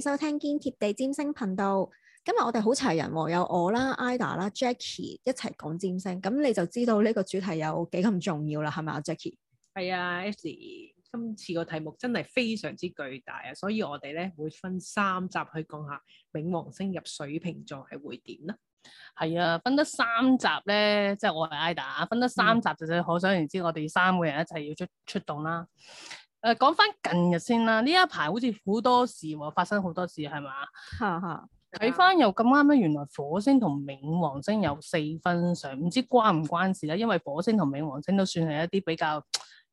收聽堅貼地占星頻道，今日我哋好齊人，哦，有我啦，IDA 啦，Jackie 一齊講占星，咁你就知道呢個主題有幾咁重要啦，係咪啊，Jackie？係啊，Ashley，今次個題目真係非常之巨大啊，所以我哋咧會分三集去講下冥王星入水瓶座係會點啦。係啊，分得三集咧，即、就、係、是、我係 IDA，分得三集，就實可想而知，我哋三個人一齊要出出動啦。誒，講翻、呃、近日先啦，呢一排好似好多事喎，發生好多事係嘛？吓吓，睇翻 又咁啱咧，原來火星同冥王星有四分相，唔知關唔關事咧？因為火星同冥王星都算係一啲比較。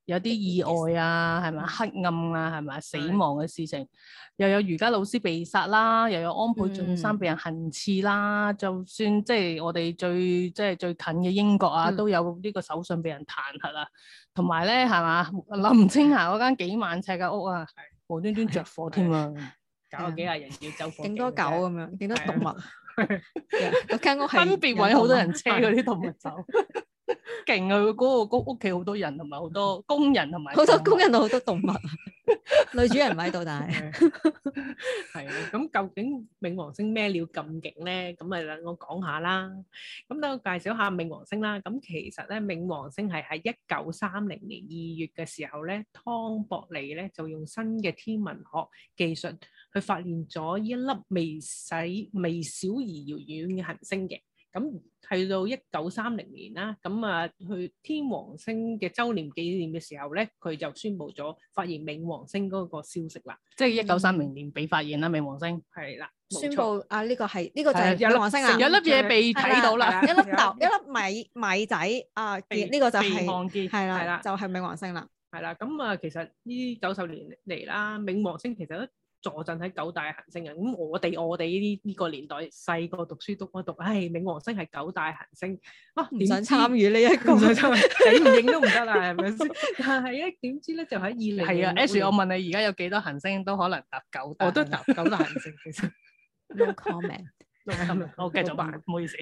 有啲意外啊，係咪黑暗啊，係咪死亡嘅事情？又有瑜伽老師被殺啦，又有安倍晉三被人行刺啦。就算即係我哋最即係最近嘅英國啊，都有呢個首相被人彈劾啦。同埋咧，係嘛林青霞嗰間幾萬尺嘅屋啊，無端端着火添啊！搞到幾廿人要走火，勁多狗咁樣，幾多動物？嗰間屋分別揾好多人車嗰啲動物走。勁啊！嗰個屋企好多人，同埋好多工人，同埋好多工人同好多動物，女主人唔喺度但。係啊，咁究竟冥王星咩料咁勁咧？咁咪等我講下啦。咁等我介紹下冥王星啦。咁其實咧，冥王星係喺一九三零年二月嘅時候咧，湯博利咧就用新嘅天文學技術去發現咗呢一粒微細、微小而遙遠嘅行星嘅。咁去到一九三零年啦，咁啊去天王星嘅周年紀念嘅時候咧，佢就宣布咗發現冥王星嗰個消息啦，即係一九三零年俾發現啦冥王星，係啦，宣布啊呢個係呢個就係有王星啊，有粒嘢被睇到啦，一粒豆，一粒米米仔啊，呢個就係被看見，係啦，就係冥王星啦，係啦，咁啊其實呢九十年嚟啦，冥王星其實～坐鎮喺九大行星啊！咁我哋我哋呢呢個年代細個讀書讀乜讀？唉，冥王星係九大行星啊！唔想參與呢一個，死唔認都唔得啦，係咪先？但係咧點知咧就喺二零係啊 Ash，我問你而家有幾多行星都可能搭九大行星？我都搭九大行星，其實。No comment。No comment。我繼續話。唔好意思。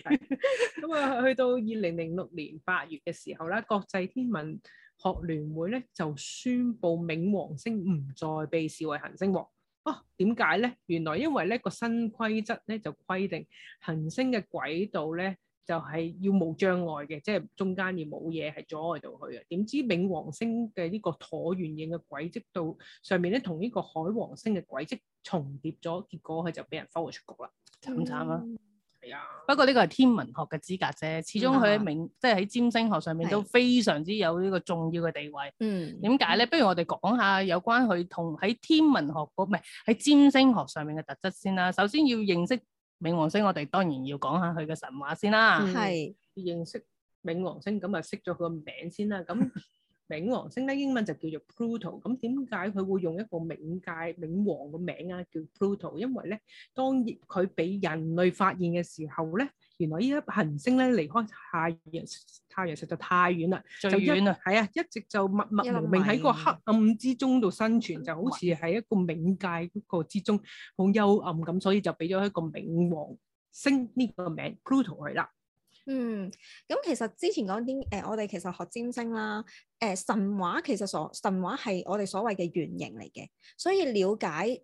咁啊，去到二零零六年八月嘅時候咧，國際天文學聯會咧就宣布冥王星唔再被視為行星喎。哦，點解咧？原來因為呢個新規則咧就規定行星嘅軌道咧就係要冇障礙嘅，即係中間要冇嘢係阻礙到佢嘅。點知冥王星嘅呢個橢圓形嘅軌跡度上面咧同呢個海王星嘅軌跡重疊咗，結果佢就俾人拋咗出局啦，慘唔慘啊！不過呢個係天文學嘅資格啫，始終佢喺冥，啊、即係喺占星學上面都非常之有呢個重要嘅地位。嗯的，點解咧？不如我哋講下有關佢同喺天文學唔係喺占星學上面嘅特質先啦。首先要認識冥王星，我哋當然要講下佢嘅神話先啦。係的認識冥王星，咁啊識咗佢個名先啦。咁 冥王星咧，英文就叫做 Pluto，咁點解佢會用一個冥界冥王嘅名啊？叫 Pluto，因為咧當佢俾人類發現嘅時候咧，原來呢粒行星咧離開太陽，太陽實在太遠啦，最遠啦，係啊，一直就默默無名喺個黑暗之中度生存，就好似喺一個冥界嗰個之中好幽暗咁，所以就俾咗一個冥王星呢個名 Pluto 佢啦。嗯，咁其實之前講啲誒，我哋其實學占星啦，誒、呃、神話其實所神話係我哋所謂嘅原型嚟嘅，所以了解誒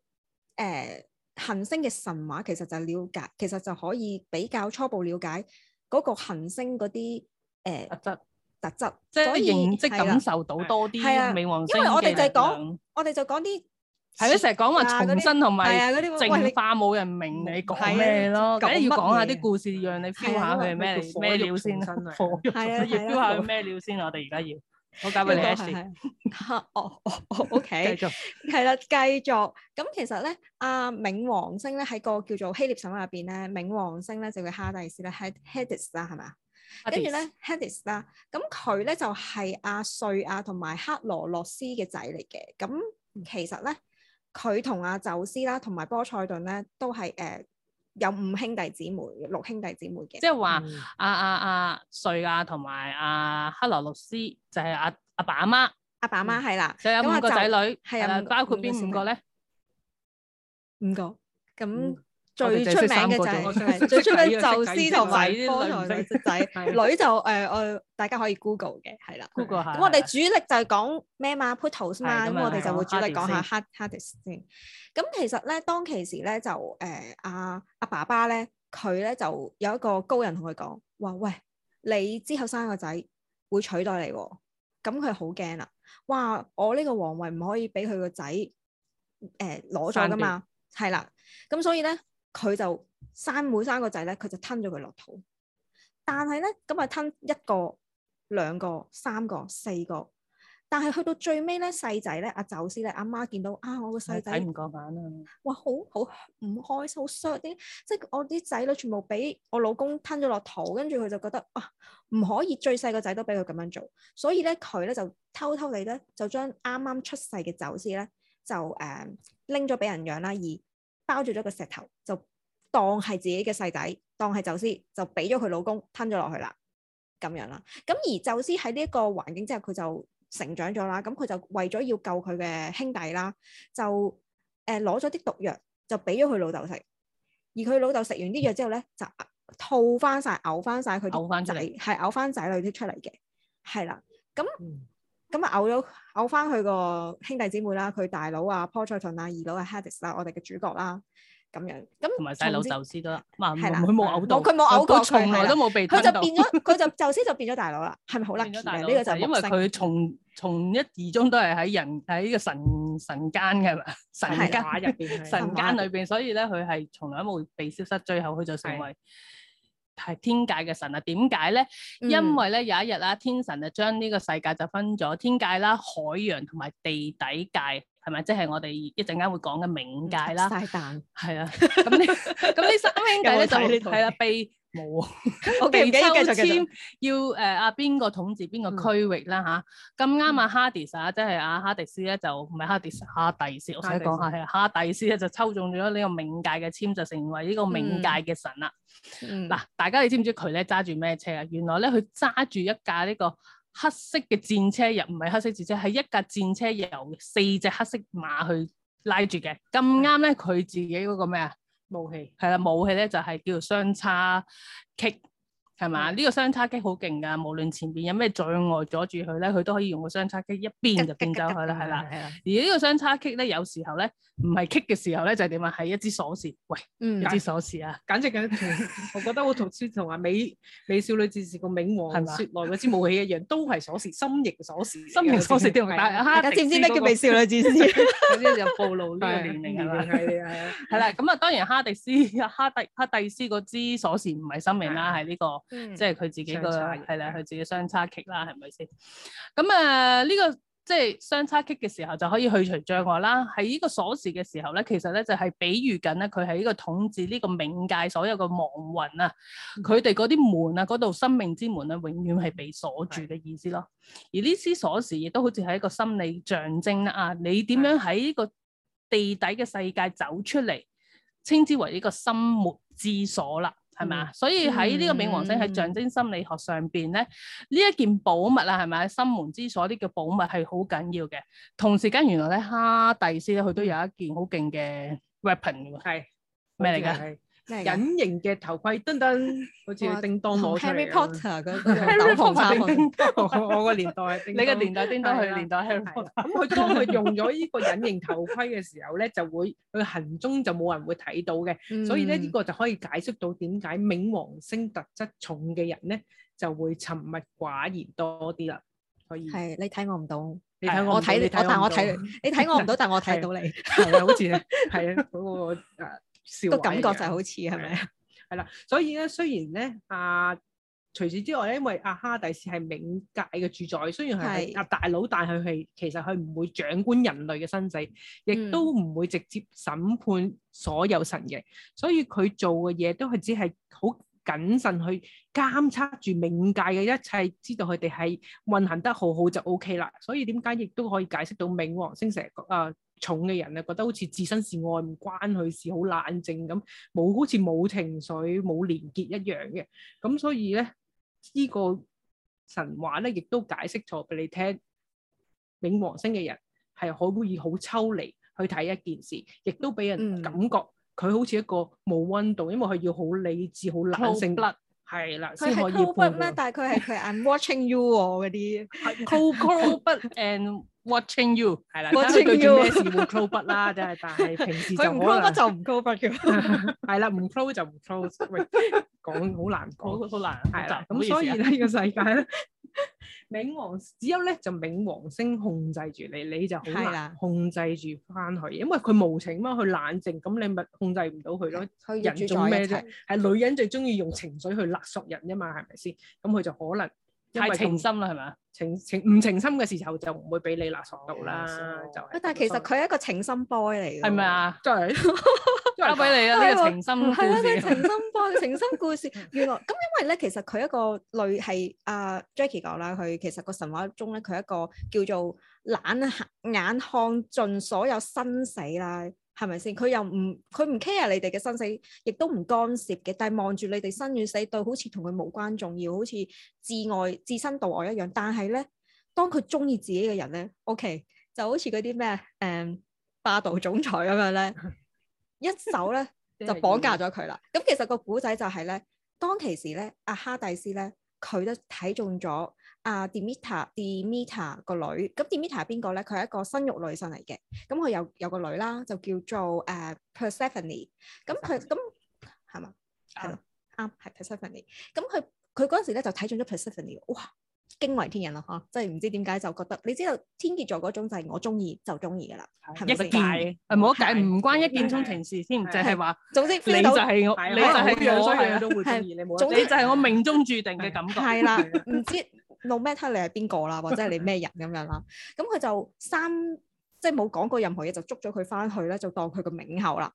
行、呃、星嘅神話，其實就係了解，其實就可以比較初步了解嗰個行星嗰啲誒特質，特質，即係認知、啊、感受到多啲。係、嗯、啊，冥王星因為我哋就講，我哋就講啲。係咯，成日講話重生同埋啊，啲淨化，冇人明你講咩咯。咁要講下啲故事，讓你 feel 下佢係咩咩料先。真係，係啊。要 feel 下佢咩料先。我哋而家要，我交俾你先。哦，OK。繼續。係啦，繼續。咁其實呢，阿冥王星呢喺個叫做希臘神話入邊呢，冥王星呢就會係 Hades 啦，係 Hades 啦，係咪啊？跟住呢，Hades 啦。咁佢呢就係阿瑞亞同埋克羅洛斯嘅仔嚟嘅。咁其實呢。佢同阿宙斯啦，同埋波塞頓咧，都係誒、呃、有五兄弟姊妹、六兄弟姊妹嘅。即係話阿阿阿瑞亞，同埋阿克羅洛斯就係阿阿爸阿媽。阿爸阿媽係啦，就有五個仔女，誒、嗯、包括邊五個咧？五個咁。嗯最出名嘅就係最出名宙斯同埋波塞冬，仔女就誒我大家可以 Google 嘅，係啦。Google 下。咁我哋主力就係講咩嘛，Pluto 嘛，咁我哋就會主力講下 Hades 先。咁其實咧，當其時咧，就誒阿阿爸爸咧，佢咧就有一個高人同佢講話，喂，你之後生個仔會取代你，咁佢好驚啦。哇！我呢個皇位唔可以俾佢個仔誒攞咗㗎嘛，係啦。咁所以咧。佢就生妹生個仔咧，佢就吞咗佢落肚。但係咧，咁啊吞一個、兩個、三個、四個。但係去到最尾咧，細仔咧阿宙斯咧，阿媽見到啊，我個細仔睇唔過眼啊！哇，好好唔開心，好傷啲。即係我啲仔女全部俾我老公吞咗落肚，跟住佢就覺得啊，唔可以最細個仔都俾佢咁樣做。所以咧，佢咧就偷偷地咧就將啱啱出世嘅宙斯咧就誒拎咗俾人養啦，而。包住咗個石頭，就當係自己嘅細仔，當係宙斯，就俾咗佢老公吞咗落去啦，咁樣啦。咁而宙斯喺呢個環境之下，佢就成長咗啦。咁佢就為咗要救佢嘅兄弟啦，就誒攞咗啲毒藥，就俾咗佢老豆食。而佢老豆食完啲藥之後咧，就吐翻晒、嘔翻晒佢嘅仔，係嘔翻仔女啲出嚟嘅，係啦。咁。嗯咁啊，嘔咗嘔翻佢個兄弟姊妹啦，佢大佬啊，Poseidon 啊，二佬啊，Hades 啊，我哋嘅主角啦，咁樣咁同埋細佬宙斯都啦，係啦，佢冇嘔到，佢冇嘔過，佢從來都冇被，佢就變咗，佢就宙斯就變咗大佬啦，係咪好 lucky 啊？呢個就因為佢從從一而終都係喺人喺個神神間嘅神間入邊神間裏邊，所以咧佢係從來都冇被消失，最後佢就成為。係天界嘅神啊？點解咧？因為咧有一日啦，天神就將呢個世界就分咗天界啦、海洋同埋地底界，係咪？即係我哋一陣間會講嘅冥界啦。晒蛋彈。係啊，咁你咁 你三兄弟咧 有就係啦、啊，被。冇，我哋沒 Okay, 抽籤續續要誒阿邊個統治邊個區域啦吓，咁啱啊，哈迪斯啊，即係阿哈迪斯咧就唔係哈迪哈迪斯，我想講下係哈迪斯咧就抽中咗呢個冥界嘅籤，就成為呢個冥界嘅神啦。嗱、嗯嗯，大家你知唔知佢咧揸住咩車啊？原來咧佢揸住一架呢個黑色嘅戰車，又唔係黑色戰車，係一架戰車由四隻黑色馬去拉住嘅。咁啱咧，佢自己嗰個咩啊？武器係啦，武器咧就係、是、叫做三叉戟。係嘛？呢個雙叉戟好勁噶，無論前邊有咩障礙阻住佢咧，佢都可以用個雙叉戟一鞭就鞭走佢啦，係啦。而呢個雙叉戟咧，有時候咧唔係戟嘅時候咧，就點啊？係一支鎖匙，喂，一支鎖匙啊！簡直嘅，我覺得我頭先同話美美少女戰士個冥王雪奈嗰支武器一樣，都係鎖匙，心形鎖匙，心形鎖匙都咁大。你知唔知咩叫美少女戰士？有啲就暴露呢個年齡，係啊，係啦。咁啊，當然哈迪斯、哈迪哈迪斯嗰支鎖匙唔係心形啦，係呢個。嗯、即係佢自己個係啦，佢自己相差極啦，係咪先？咁啊，呢、呃這個即係相差極嘅時候，就可以去除障礙啦。喺呢、嗯、個鎖匙嘅時候咧，其實咧就係、是、比喻緊咧，佢喺呢個統治呢個冥界所有嘅亡魂啊，佢哋嗰啲門啊，嗰度生命之門啊，永遠係被鎖住嘅意思咯。嗯、而呢支鎖匙亦都好似係一個心理象徵啦。啊，你點樣喺呢個地底嘅世界走出嚟，稱之為呢個心沒之鎖啦。係嘛？嗯、所以喺呢個冥王星喺、嗯、象徵心理學上邊咧，呢、嗯、一件寶物啊，係嘛？心門之鎖啲嘅寶物係好緊要嘅。同時間原來咧，哈蒂斯咧，佢都有一件好勁嘅 weapon 係咩是嚟㗎？隱形嘅頭盔，噔噔，好似叮當攞出 Harry Potter 我個年代，你個年代，叮當佢，年代 Harry Potter 咁，佢當佢用咗呢個隱形頭盔嘅時候咧，就會佢行蹤就冇人會睇到嘅，所以咧呢個就可以解釋到點解冥王星特質重嘅人咧就會沉默寡言多啲啦。可以係你睇我唔到，你睇我唔到，但我睇你睇我唔到，但我睇到你，係啊，好似係啊，嗰個誒。個感覺就係好似係咪啊？係啦吧， 所以咧，雖然咧啊，除此之外，因為阿哈迪斯係冥界嘅主宰，雖然係阿大佬，是但係佢係其實佢唔會掌管人類嘅生死，亦都唔會直接審判所有神嘅，所以佢做嘅嘢都係只係好謹慎去監測住冥界嘅一切，知道佢哋係運行得好好就 O K 啦。所以點解亦都可以解釋到冥王星成日啊，呃重嘅人咧，覺得好似置身事外唔關佢事，好冷靜咁，冇好似冇情緒、冇連結一樣嘅。咁所以咧，依、呢個神話咧，亦都解釋錯俾你聽。冥王星嘅人係可以好抽離去睇一件事，亦都俾人感覺佢、嗯、好似一個冇温度，因為佢要好理智、好冷靜。係啦布，先可以。cold blood 咧，但係佢佢。 I'm watching you 啲 cold blood and Watching you，係啦，Watching you。佢做咩事會 close 不啦？真係，但係平時佢唔 close 不就唔 close 不嘅，係啦、 啊，唔 close 就唔 close。講好難，好難，係啦。咁所以呢個世界咧，冥王只有咧就冥王星控制住你，你就好難控制住翻佢。因為佢無情啊嘛，佢冷靜，咁你咪控制唔到佢咯。 人做咩啫？係 女人最鍾意用情緒去勒索人啊嘛，係咪先？咁、嗯、佢就可能。太情深啦，係咪啊？情情唔情深嘅時候就唔會俾你勒索到啦。啊、就，但係其實佢係一個情深 boy 嚟嘅。係咪啊？真係交俾你啦，呢 個情深故事。係啦、啊啊，你個情深 boy，情深故事。 原來咁，因為咧，其實佢一個類係阿、uh, Jackie 講啦，佢其實個神話中咧，佢一個叫做冷眼看盡所有生死啦。係咪先？佢又唔佢唔 care 你哋嘅生死，亦都唔干涉嘅。但係望住你哋生與死對，對好似同佢無關重要，好似自外自身度外一樣。但係咧，當佢中意自己嘅人咧，OK，就好似嗰啲咩誒霸道總裁咁樣咧，一手咧 就綁架咗佢啦。咁 其實個古仔就係咧，當其時咧，阿哈蒂斯咧，佢都睇中咗。啊 Demeter，Demeter 個女，咁 Demeter 係邊個咧？佢係一個生育女神嚟嘅，咁佢有有個女啦，就叫做誒 Persephone。咁佢咁係嘛？係咯，啱，係 Persephone。咁佢佢嗰陣時咧就睇中咗 Persephone，哇！驚為天人咯，呵，真係唔知點解就覺得，你知道天蠍座嗰種就係我中意就中意㗎啦，係咪？係？一見，誒冇得解，唔關一見鍾情事先，就係話，總之呢度就係我，就係我，總之就係我命中注定嘅感覺。係啦，唔知。No matter 你係邊個啦，或者係你咩人咁樣啦，咁佢 就三即係冇講過任何嘢就捉咗佢翻去咧，就當佢個冥后啦。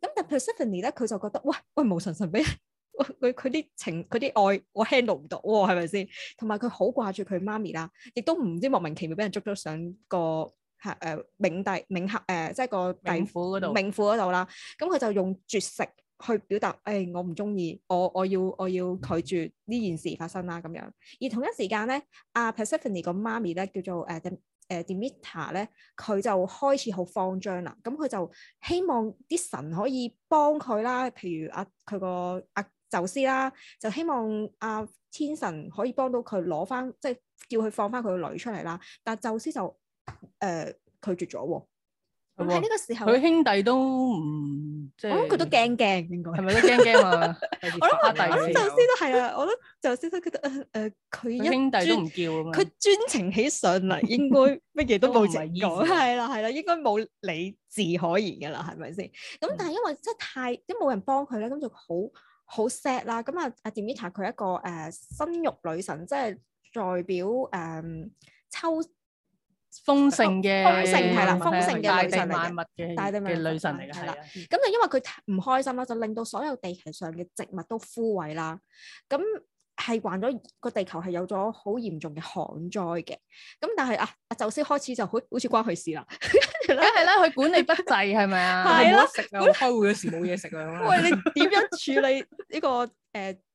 咁特別 Persephone 咧，佢就覺得喂，喂無神神俾佢佢啲情佢啲愛我 handle 唔到喎，係咪先？同埋佢好掛住佢媽咪啦，亦都唔知莫名其妙俾人捉咗上個係誒冥帝冥后誒，即係個冥府嗰度冥府嗰度啦。咁佢就用絕食。去表達，誒我唔中意，我我，我要我要拒絕呢件事發生啦咁樣。而同一時間咧，阿、啊、Persephone 個媽咪咧叫做誒誒 Demeter 咧，佢、啊啊、就開始好慌張啦。咁佢就希望啲神可以幫佢啦，譬如阿佢個阿宙斯啦，就希望阿、啊、天神可以幫到佢攞翻，即係叫佢放翻佢個女出嚟啦。但宙斯就誒、呃、拒絕咗喎。咁喺呢個時候，佢兄弟都唔即係，就是、我諗佢都驚驚，應該係咪都驚驚啊？我諗我諗宙斯都係啊，我諗就宙斯都覺得誒，佢、呃、兄弟都唔叫咁啊，佢專程起上嚟應該乜嘢都冇講，係啦係啦，應該冇 理智可言嘅啦，係咪先？咁但係因為真係太都冇人幫佢咧，咁就好好 sad 啦。咁啊阿 Demeter 佢係一個誒生育女神，即係代表誒、呃、秋。豐盛嘅，係啦，豐盛嘅女神嚟嘅，大地萬物嘅嘅女神嚟嘅，係啦。咁就因為佢唔開心啦，就令到所有地球上嘅植物都枯萎啦。咁係患咗個地球係有咗好嚴重嘅旱災嘅。咁但係阿宙斯開始就好好似關佢事啦。梗係啦，佢管理不濟係咪啊？係啊，食啊，開會嘅時冇嘢食啊。喂，你點樣處理呢個誒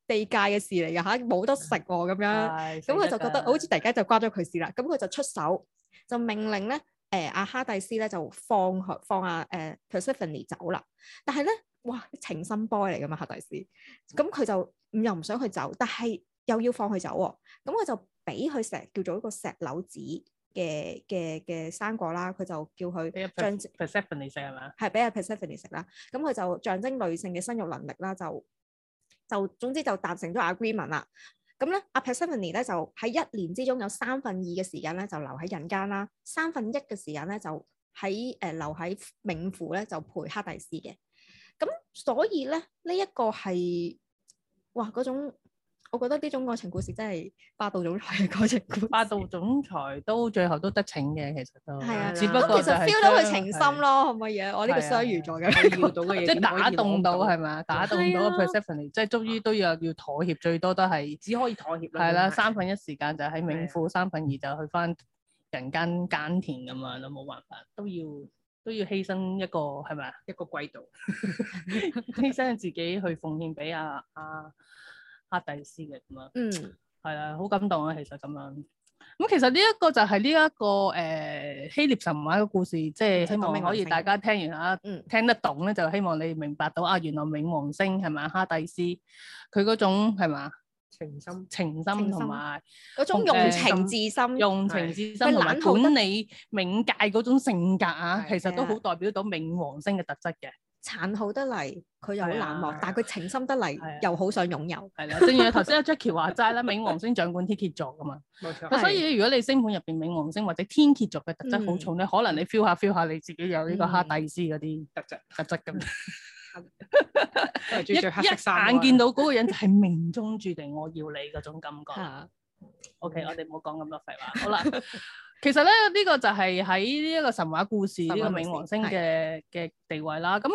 地界嘅事嚟噶吓？冇得食咁樣，咁佢就覺得好似突然間就關咗佢事啦。咁佢就出手。就命令咧，誒、呃、阿哈蒂斯咧就放學放阿、啊、誒、呃、Persephone 走啦。但係咧，哇情深 boy 嚟噶嘛哈蒂斯，咁佢就又唔想去走，但係又要放佢走喎、哦。咁佢就俾佢食叫做一個石榴子嘅嘅嘅生果啦。佢就叫佢俾 Persephone 食係嘛，係俾阿 Persephone 食啦。咁佢就象徵女性嘅生育能力啦。就就總之就達成咗 agreement 啦。咁咧，阿帕塞凡尼咧就喺一年之中有三分二嘅時間咧就留喺人間啦，三分一嘅時間咧就喺誒、呃、留喺冥府咧就陪黑帝斯嘅。咁所以咧呢一、這個係哇嗰種。我覺得呢種愛情故事真係霸道總裁嘅愛情故事。霸道總裁都最後都得逞嘅，其實都。係啊，只不過就 feel 到佢情深咯，係咪嘢？我呢個雙魚座嘅，要到嘅嘢，即係打動到係嘛？打動到個即係終於都要要妥協，最多都係只可以妥協咯。係啦，三分一時間就喺冥府，三分二就去返人間耕田咁樣都冇辦法都要都要犧牲一個係咪？一個季度，犧牲自己去奉獻俾阿阿。哈迪斯嘅咁樣，嗯，係啦，好感動啊，其實咁樣，咁其實呢一個就係呢一個誒、呃、希臘神話嘅故事，即、就、係、是、希望你可以大家聽完吓，嗯、聽得懂咧，就希望你明白到啊，原來冥王星係咪，哈迪斯佢嗰種係咪情深情深，同埋嗰種用情至深、呃，用情至深同埋管理你冥界嗰種性格啊，的其實都好代表到冥王星嘅特質嘅。殘好得嚟，佢又好冷漠，但係佢情深得嚟，又好想擁有。係啦，正如頭先阿 Jackie 話齋啦，冥王星掌管天蠍座㗎嘛，冇錯。所以如果你星盤入邊冥王星或者天蠍座嘅特質好重咧，可能你 feel 下 feel 下你自己有呢個哈迪斯嗰啲特質特質咁。一一眼見到嗰個人，就係命中注定我要你嗰種感覺。OK，我哋唔好講咁多廢話，好啦。其實咧，呢個就係喺呢一個神話故事呢個冥王星嘅嘅地位啦。咁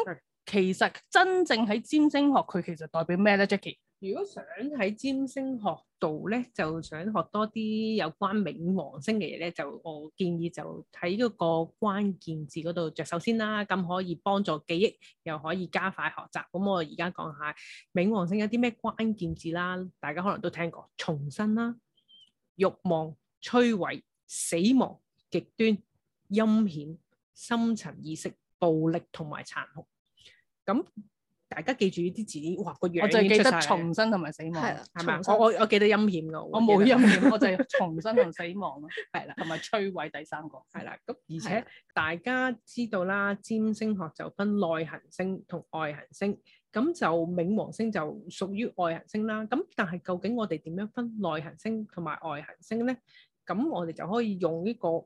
其實真正喺占星學，佢其實代表咩咧？Jackie，如果想喺占星學度咧，就想學多啲有關冥王星嘅嘢，咧，就我建議就喺嗰個關鍵字嗰度着手先啦。咁可以幫助記憶，又可以加快學習。咁我而家講下冥王星有啲咩關鍵字啦。大家可能都聽過重生啦、慾望、摧毀、死亡、極端、陰險、深層意識、暴力同埋殘酷。咁大家記住呢啲字，哇個樣。我就記得重生同埋死亡，係啊。我我記得陰險㗎，我冇陰險，我就係重生同死亡咯。係啦，同埋摧毀第三個。係啦，咁而且大家知道啦，占星學就分內行星同外行星。咁就冥王星就屬於外行星啦。咁但係究竟我哋點樣分內行星同埋外行星咧？咁我哋就可以用呢個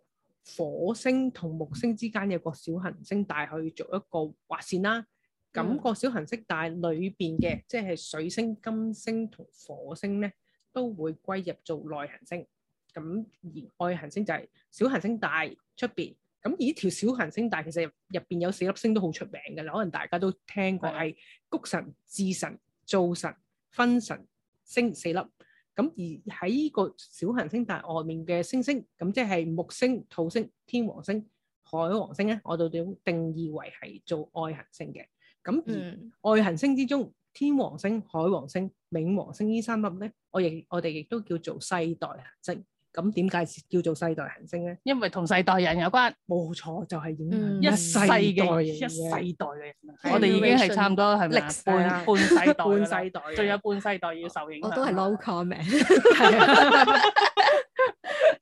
火星同木星之間有個小行星帶去做一個劃線啦。咁個小行星帶裏邊嘅即係水星、金星同火星咧，都會歸入做內行星。咁而外行星就係小行星帶出邊。咁而呢條小行星帶其實入入邊有四粒星都好出名嘅啦，可能大家都聽過係、嗯、谷神、智神、灶神、分神星四粒。咁而喺呢個小行星帶外面嘅星星，咁即係木星、土星、天王星、海王星咧，我哋都定義為係做外行星嘅。咁而外行星之中，天王星、海王星、冥王星呢三粒咧，我亦我哋亦都叫做世代行星。咁點解叫做世代行星咧？因為同世代人有關，冇錯，就係影一世嘅一世代嘅人，嗯、我哋已經係差唔多係咪、嗯、吧半半世代， 半世代，仲有半世代要受影響。 我都係 low comment，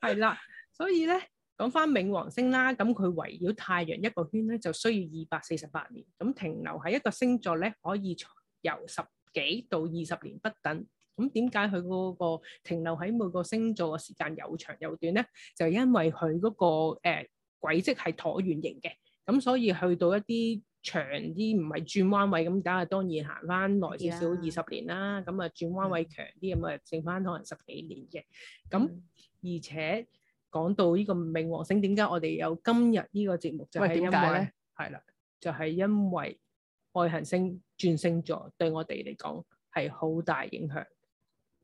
係啦。所以咧，講翻冥王星啦，咁佢圍繞太陽一個圈咧，就需要二百四十八年。咁停留喺一個星座咧，可以由十幾到二十年不等。咁點解佢嗰個停留喺每個星座嘅時間又長又短咧？就因為佢嗰、嗰個誒、呃、軌跡係橢圓形嘅，咁所以去到一啲長啲唔係轉彎位，咁梗係當然行翻耐少少二十年啦。咁啊 Yeah. 轉彎位強啲，咁啊 Yeah. Yeah. 剩翻可能十幾年嘅。咁 Yeah. 而且講到呢個冥王星點解我哋有今日呢個節目就係、係、因為咧，係啦，就係、係、因為外行星轉星座對我哋嚟講係好大影響。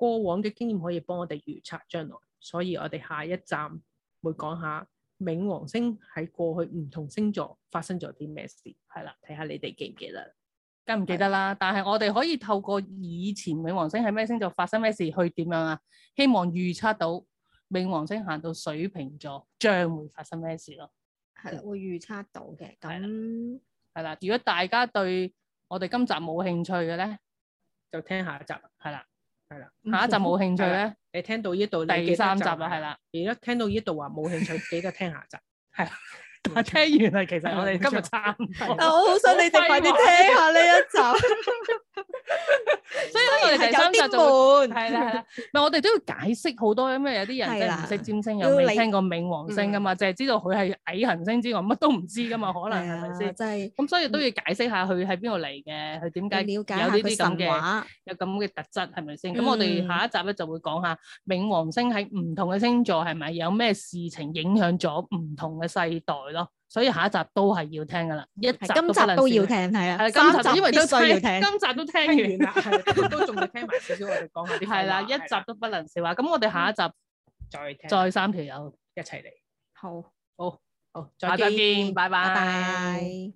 過往嘅經驗可以幫我哋預測將來，所以我哋下一站會講下冥王星喺過去唔同星座發生咗啲咩事。係啦，睇下你哋記唔記得，梗唔記得啦。的但係我哋可以透過以前冥王星喺咩星座發生咩事去點樣啊？希望預測到冥王星行到水瓶座將會發生咩事咯。係啦，會預測到嘅。咁係啦。如果大家對我哋今集冇興趣嘅咧，就聽下一集。係啦。係啦，下一集冇興趣咧，你聽到呢度，第三集啦，係啦。如果了聽到呢度話冇興趣， 記得聽下一集，係。聽完啦，其實我哋今日差唔多。但係我好想你哋快啲聽下呢一集，所以我哋第三集就係啦，係啦。唔係我哋都要解釋好多，因為有啲人咧唔識占星，又未聽過冥王星噶嘛，淨係知道佢係矮行星之外，乜都唔知噶嘛，可能係咪先？真係。咁所以都要解釋下佢喺邊度嚟嘅，佢點解有呢啲咁嘅話，有咁嘅特質係咪先？咁我哋下一集咧就會講下冥王星喺唔同嘅星座係咪有咩事情影響咗唔同嘅世代。所以下一集都係要聽噶啦，一集都不能。今集都要聽，係啊，係啊，今集因為都需要聽，今集都聽完啦，都仲要聽埋少少，我哋講下啲。係啦，一集都不能少啊！咁我哋下一集再聽，再三條友一齊嚟。好好好，再再見，拜拜。